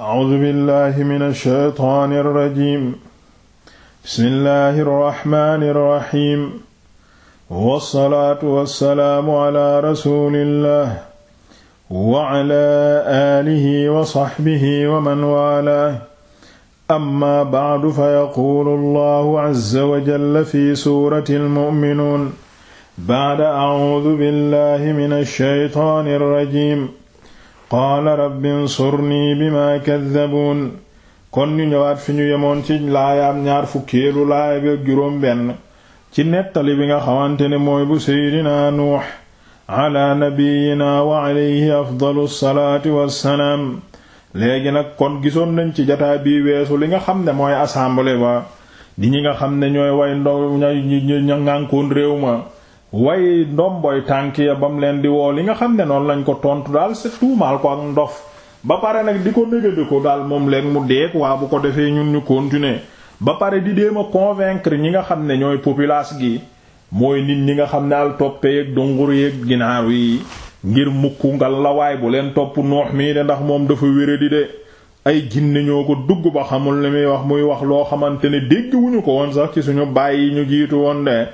A'uuzu billaahi mina shaytaani rajiim. Bismillaahi rahmaani rahiim. Wassalaatu wassalaamu alaa rasuulillaah wa alaa aalihi wa sahbihi wa man waalaah. Amma ba'du fayaquulu Allaahu azza wa jalla fi suuratil mu'minuun. Ba'da a'uuzu billaahi mina shaytaani rajiim. qaala rabbi nsurnii bimaa kaddabuun kon ñu ñëwaat fi ñu yemoon ci laayaam ñaar fukkeelu laaya bi juróom benn ci nettali bi nga xamante ne mooy bu seydinaa nuux ala nabiyina wa alayhi afdalu salaati wassalaam léegi nag kon gisoon nañ ci jataay bii weesu li nga xam ne mooy assemblée ba di ñi nga xam ne ñooy way ndow ña ña réew ma way ndomboy tànk ya ba mu leen di woo li nga xam ne noonu lañ ko tontu daal c'est tuumaal ko ak ndof ba pare nag di ko négadi ko daal moom leen mu deeg waa bu ko defee ñun ñu continuer ba pare di déem a convaincre ñi nga xam ne ñooy populace gi mooy nit ñi nga xam ne al toppe yeeg dungur yeeg ginaaru yi ngir mukk ngal lawaay bu leen topp noox mii de ndax moom dafa wére di de ay jinne ñoo ko dugg ba xamul li muy wax muy wax loo xamante ne dégg wuñu ko woon sax ci suñu bàyyi ñu jiitu woon de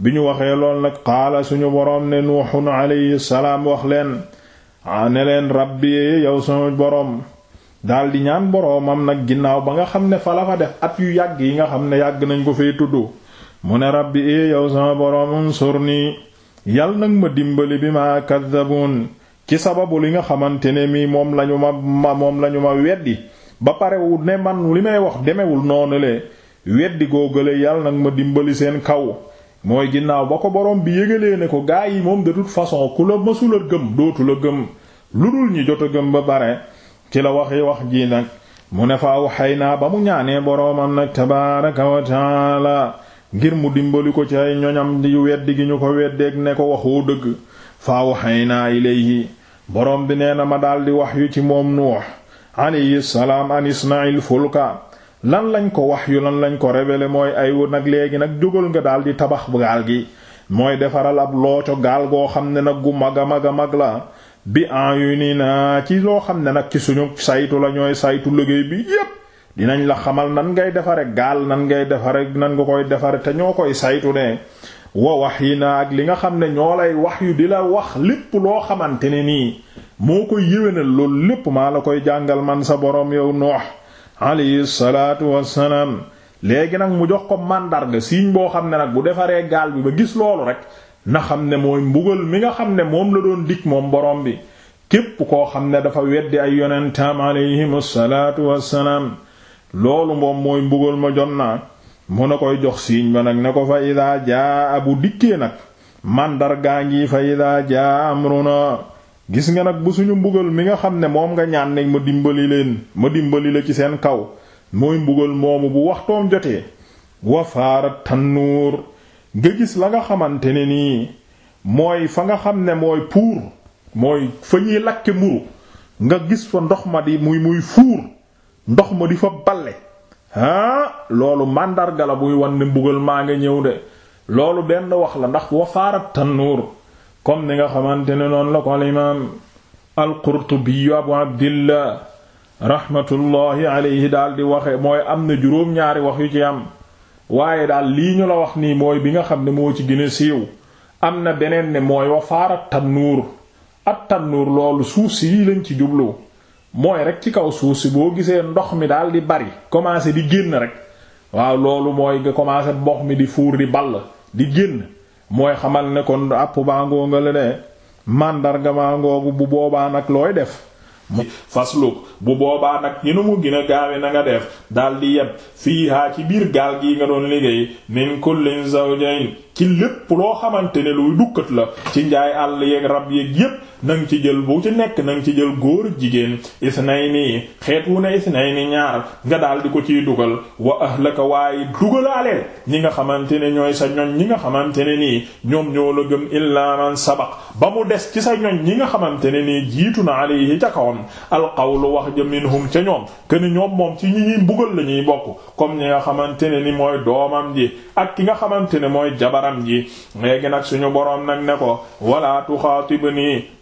bi ñu waxee lool nag qaala suñu boroom ne nuuxun alayhi salaam wax leen ah, ne leen rabbi yow suñu boroom daldi ñaan boroomam nag ginnaaw ba nga xam ne fa fa def at yu yàgg yi nga xam ne yàgg nañ ko fee tudd mu ne rabbi yow sama boroom unsurni yal nag ma dimbali bi ma kaddabuun ci sababu li nga xamante ne mi moom lañu ma moom lañu ma weddi ba parewu ne man li may wax demewul noonu le weddi googale yal nag ma dimbali seen kaw mooy ginnaaw ba ko borom bi yëgalee ne ko gaa yi moom de toute façon ku la mësula gëm dootu la gëm lu dul ñi jot a gëm ba bare ci la waxi wax ji nag mu ne fa aw naa ba mu ñaanee boroomam nag tabaaraka wa taala ngir mu dimbali ko ci ay ñoñam di weddi gi ñu ko weddeeg ne ko waxoo dëgg fa aw ilayhi boroom bi nee na ma daldi wax yu ci moom nuux alayhi salaam an ismail fulka lan lañ ko wax yu lan lañ ko révélé mooy ay aywa nag léegi nag jógal nga daal di tabax gaal gi mooy defaral ab looco gaal goo xam ne nag gu mag a mag a mag la bi en yu ni na ci loo xam ne nag ci suñu saytu la ñooy saytu liggéey bi yépp dinañ la xamal nan ngay defare gaal nan ngay defare nan nga koy defare te ñoo koy saytu ne wa wax yi na ak li nga xam ne ñoo lay wax yu di la wax lépp loo xamante ne nii moo koy yéwénal loolu lépp maa la koy jàngal man sa borom yow noox alayhi salaatu wassalaam léegi nag mu jox ko màndarga siiñ boo xam ne nag bu defaree gaal bi ba gis loolu rek na xam ne mooy mbugal mi nga xam ne moom la doon dig moom boroom bi képp koo xam ne dafa weddi ay yonentaam alayhimu salaatu wassalaam loolu moom mooy mbugal ma jot naa mu na koy jox siiñ ba nag ne ko fa idaa jaa bu dikkee nag màndargaa ngi fa idaa jaa amruna gis nga nag bu suñu mbugal mi nga xam ne moom nga ñaan ne ma dimbali leen ma dimbali la ci seen kaw mooy mbugal moomu bu waxtoom jotee wafaara tannuur nga gis la nga xamante ne nii mooy fa nga xam ne mooy puur mooy fa ñuy lakke mburu nga gis fa ndox ma di muy muy fuur ndox ma di fa balle ah loolu màndargala la buy wan ne mbugal maa ngi ñëw de loolu benn wax la ndax wafaara tannuur comme ni nga xamante ne noonu la ko al imaam al-Qurtubi abu abdillah rahmatullahi alayhi daal di waxe mooy am na juróom-ñaari wax yu ci am waaye daal lii ñu la wax nii mooy bi nga xam ne moo ci gën siiw am na beneen ne mooy wafaar ak tannuur ak tannuur loolu suuf si lii lañ ci jublu mooy rek ci kaw suuf si boo gisee ndox mi daal di bari commencé di génn rek waaw loolu mooy nga commencé ndox mi di fuur di ball di génn mooy xamal ne kon àpp bangoo nga la màndarga mangoobu bu boobaa nag looy def fasluk bu boobaa nag ñi nu mu gën a gaawe na nga def daldi yeb fiihaa ci biir gaal gi nga doon liggéey min kullin zawjayn ci lépp loo xamante ne luy dukkat la ci njaay àll yeeg rab yeeg yépp na nga ci jël bu ci nekk na nga ci jël góor jigéen isnayni xeet wu ne isnayni ñaar nga daal di ko ciy dugal wa ahlaka waaye dugalaaleel ñi nga xamante ne ñooy sa ñoñ ñi nga xamante ne nii ñoom ñoo la gëm illaa sabaq ba mu des ci sa ñoñ ñi nga xamante ne nii jiitu na alayhi ca kawam lu wax ja minhum ca ñoom keni ñoom moom ci ñi ñuy mbugal la ñuy bokk comme ñi nga xamante ne ni mooy doomam ji ak ki nga xamante ne mooy jabaram ji léegi nag suñu boroom nag ne ko wala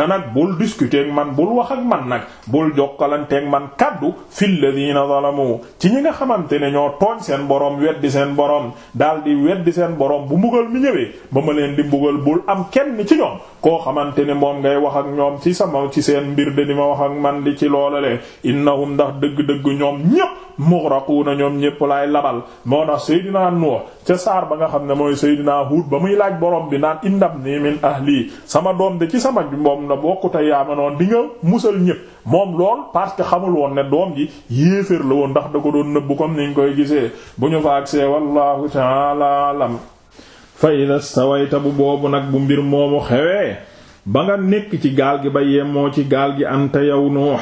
na nag bul discuter man bul wax ak man nag bul man kàddu man kaddu na ladina zalamu ci ñi nga xamante ne ñoo tooñ seen borom weddi seen boroom daal di weddi seen borom bu mbugal mi ñëwee ba ma leen di mbugal bul am kenn ci ñoom koo xamante ne moom ngay wax ak ñoom ci sama ci seen mbir de di ma wax ak man di ci loolale innahum ndax dëgg-dëgg ñoom ñëpp ñépp na ñoom ñépp laay labal moo tax sayidina Nuh ca saar ba nga xam ne mooy Seydina Huud ba muy laaj borom bi naan am ni min ahli sama doom de ci sama moom na bokkute yaama noon di nga musal ñëpp moom lool parce que xamul woon ne doom ji yéeféer la woon ndax da ko doon nëbb comme niñ koy gisee bu ñu fa agsee wallahu ta'ala alam fa ida stawayta bu boobu nag bu mbir moomu xewee ba nga nekk ci gaal gi ba yemoo ci gaal gi anta yow Nuux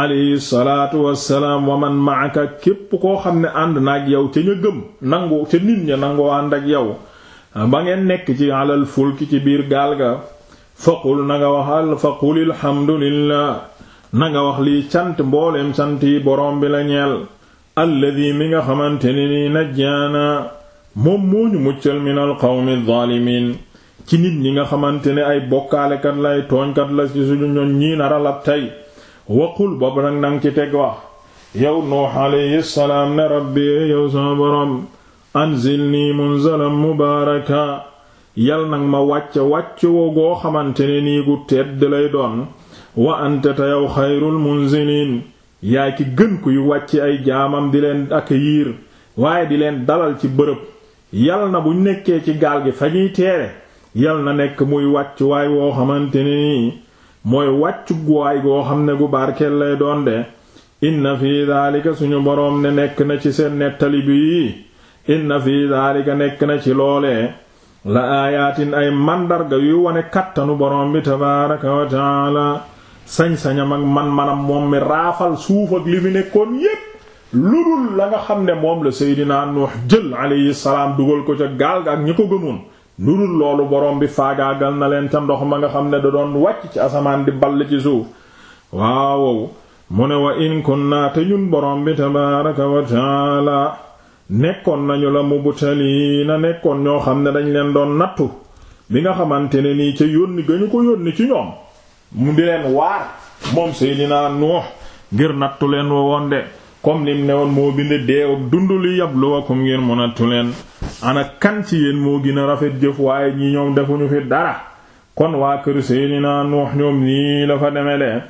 alayhi salaatu wassalaam wa man ma'aka képp koo xam ne ànd na ak yow ca ña gëm nangu ca nit ña nangoo ànd ak yow ba ngeen nekk ci alal fulki ci biir gaal ga faqul na nga waxal faqulil hamdulillah na nga wax lii cant mbooleem cant yi borom bi la ñeel alladi mi nga xamante ni na najjaana moom moo ñu muccal min al qawmi zaalimiin ci nit ñi nga xamante ne ay bokkaalekat lay tooñkat la ci suñu ñoon ñii naral ab tey waqul boobu nag nang ci teg wax yow nuux alayhi salaam ne rabbi yow sama borom anzilni munzalan mubaaraka yal nag ma wàcc wàcce woo goo xamante ne nii gu tedd lay doon wa anta te yow xayrul munziliin yaa ki gën kuy wàcc ay jaamam di leen yiir waaye di leen dalal ci bërëb yal na bu nekkee ci gaal gi fa ñuy teere yal na nekk muy wàcc waay woo xamante ni nii mooy wàcc guwaay goo xam ne gu barkeel lay doon de inna fi daalika suñu boroom ne nekk na ci seen nettali bi inna fi daalika nekk na ci loolee la aayaatin ay màndarga yu wone kàttanu borom bi tabaaraka wa taala sañ-sañam ak man-manam moom mi raafal suuf ak nekkoon yépp lu dul la nga xam ne moom la seydinaa nuux jël alayhi salaam dugal ko ca gaal ga ak ñi ko gëmoon lu dul loolu borom bi faagaagal na leen ca ndox ma nga xam ne da doon wàcc ci asamaan di ball ci suuf waawow mu ne wa in kunna te ñun borom bi tabaaraka wa taala nekkoon nañu la mubtaliina nekkoon ñoo xam ne dañ leen doon nattu bi nga xamante ne nii ca yónni ga ñu ko yónni ci ñoom mu di leen waar moom Seydina Nuux ngir nattu leen wa woon de comme nim ne woon moo bind deew dund li yabluwakum ngir mu nattu leen ana kan ci yéen moo gina rafet jëf waaye ñi ñoom defuñu fi dara kon waa kër naa Nuux ñoom nii la fa deme de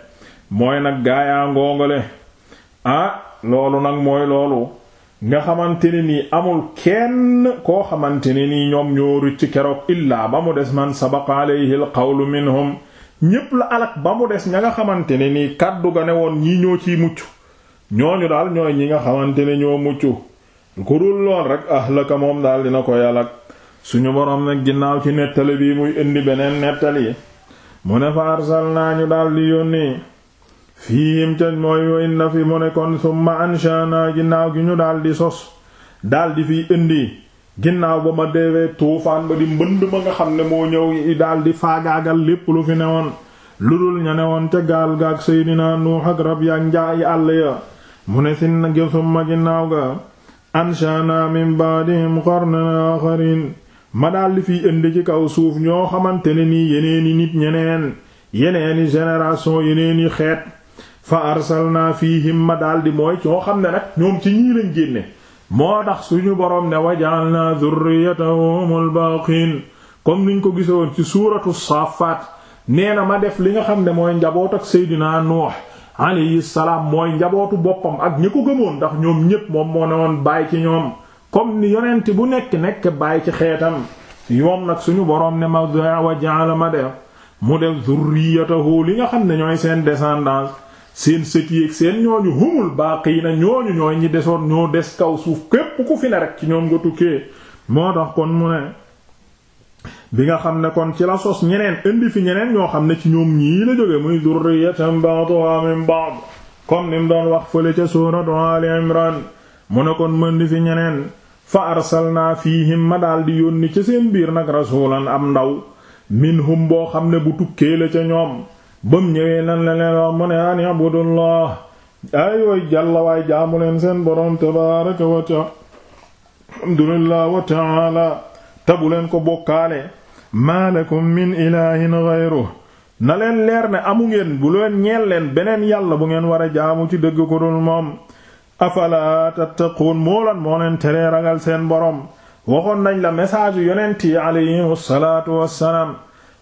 mooy nag gaayaa ngoongale ah loolu nag mooy loolu nga xamante ne nii amul kenn koo xamante ne nii ñoom ñoo rëcc keroog illaa ba mu des man sabaqa alayhi al qawlu minhum ñépp la alak ba mu des ña nga xamante ne nii kàddu ga ne woon ñii ñoo ciy mucc ñooñu daal ñooy ñi nga xamante ne ñoo mucc ku dul lool rek ahlaka moom daal dina ko yàllak suñu boroom nag ginnaaw ci nettali bi muy indi beneen nettali mu ne fa arsalnaa ñu daal di yónni fiihim ca mooy wa inna fi mu ne kon summa anshaana ginnaaw gi ñu daal di sos daldi di fiy indi ginnaaw ba ma deewee tuufaan ba di mbënd ma nga xam ne moo ñëw daal di faagaagal lépp lu fi newoon lu dul ña newoon ca gaal gaag Seydina Nuux ak rab ya njaay àll ya mu ne sin na summa ginnaaw ga anshana min ba'dihim qarnan akharin ma daal fiy indi ci kaw suuf ñoo xamante ne nii yeneeni nit ñeneen yeneeni génération yeneeni xeet fa fii fiihim ma daal di mooy ñoo xam ne nag ñoom ci ñii génne moo tax suñu boroom ne waja'alna dhurriyyatahumul baaqiin comme niñ ko gisoon ci suuratu saafaat nee na ma def li nga xam ne mooy njaboot ak seydinaa Nuux alayhi salaam mooy njabootu boppam ak ñi ko gëmoon ndax ñoom ñépp moom moo ne woon bàyyi ci ñoom comme ni yonent bu nekk nekk bàyyi ci xeetam yoom nag suñu boroom ne ma wa jaala ma def mu def zurriyatahu li nga xam ne ñooy seen descendance seen sët yi ak seen ñooñu humul na ñooñu ñooy ñi desoon ñoo des kaw suuf képp ku fi ne rek ci ñoom nga tukkee moo tax kon mu ne bi nga xam ne kon ci la sos ñeneen indi fi ñeneen ñoo xam ne ci ñoom ñii la jóge muy durriyatan ba'duha min ba'd kon nim doon wax fële ca suuratu Ali mu ne kon mëndi fi ñeneen fa arsalnaa fiihim ma daal di yónni ca seen biir nag rasulan am ndaw minhum boo xam ne bu tukkee la ca ñoom bam ñëwee lan la leen wax mu ne an ibudullah ay way jaamu leen seen boroom tabaaraka wa ta'ala tabu leen ko bokkaale maa lakum min ilaahin ghayru na leen leer ne amu ngeen bu leen ñeel leen beneen yàlla bu ngeen war a jaamu ci dëgg ko dul moom afala tattaquun moo lan moo leen teree ragal seen borom waxoon nañ la message yu yonent yi alayhimu salaatu wassalaam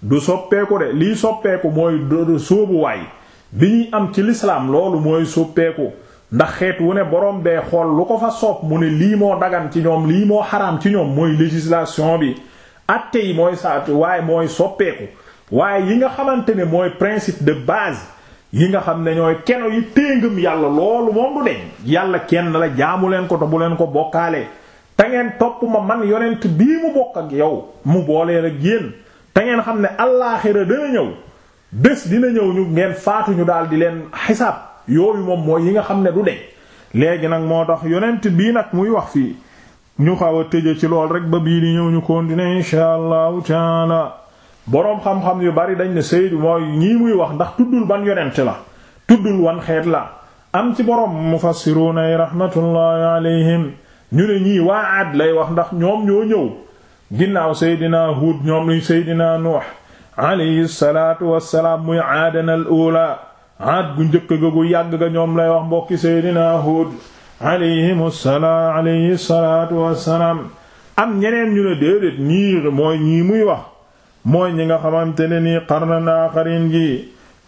du soppeeku de lii soppeeku mooy sóobuwaay bi ñuy am ci lislaam loolu mooy soppeeku ndax wu ne borom bee xool lu ko fa sopp mu ne lii moo dagan ci ñoom lii moo xaraam ci ñoom mooy législation bi atte yi mooy saa waaye mooy soppeeku waaye yi nga xamante ne mooy principe de base yi nga xam ne ñooy keno yi téengam yàlla loolu moom du deñ yàlla kenn la jaamu leen ko te bu leen ko bokkaale te ngeen topp ma man yonent bii mu bokk ak yow mu boolee ak yéen te ngeen xam ne allaaxira dina ñëw bés dina ñëw ñu ngeen faatu ñu daal di leen xisaab yooyu moom mooy yi nga xam ne du deñ léegi nag moo tax yonent bii nag muy wax fii ñu xaw a ci lool rek ba bii di ñëw ñu continuer insha allahu taala boroom xam-xam yu bari dañ ne Seydou mooy ñii muy wax ndax tuddul ban yonent la tuddul wan xeet la am ci boroom mufassiruuna yi rahmatullahi alayhim ñu ne ñii waa Aad lay wax ndax ñoom ñoo ñëw ginnaaw Seydina Huud ñoom luy Seydina Nuux alayhi salaatu wassalaam muy aadana al ula Aad gu njëkk ga gu yàgg ga ñoom lay wax mbokki Seydina Huud alayhim salaam alayhi salaatu wassalaam am ñeneen ñu ne déedéet ñii mooy ñii muy wax mooy ñi nga xamante ne nii qarnan aaxarin gi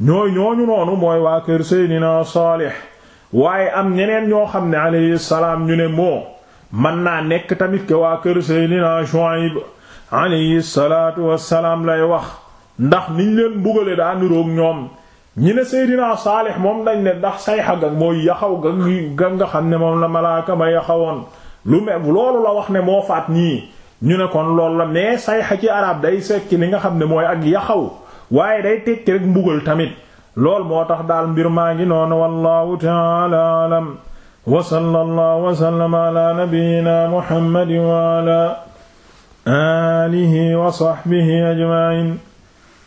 ñooy ñooñu noonu mooy waa kër Seydina Saalix waaye am ñeneen ñoo xam ne alayhi salaam ñu ne moo mën naa nekk tamit ke waa kër Seydina Shuayb alayhi salaatu wassalaam lay wax ndax niñ leen bugale daa niroog ñoom ñi ne Seydina Saalix moom dañ ne ndax sayxa ga mooy yaxaw ga nga xam ne moom la malaaka ma yaxawoon lu me loolu la wax ne moo faat ñii ñu ne kon loolu la mais sayxa ci arab day sekki li nga xam ne mooy ak yaxaw waaye day tekki rek mbugal tamit lool moo tax daal mbir maa ngi noonu ta'ala alam wa sallallahu wa sallama ala nabiyyina muhammadin wa ala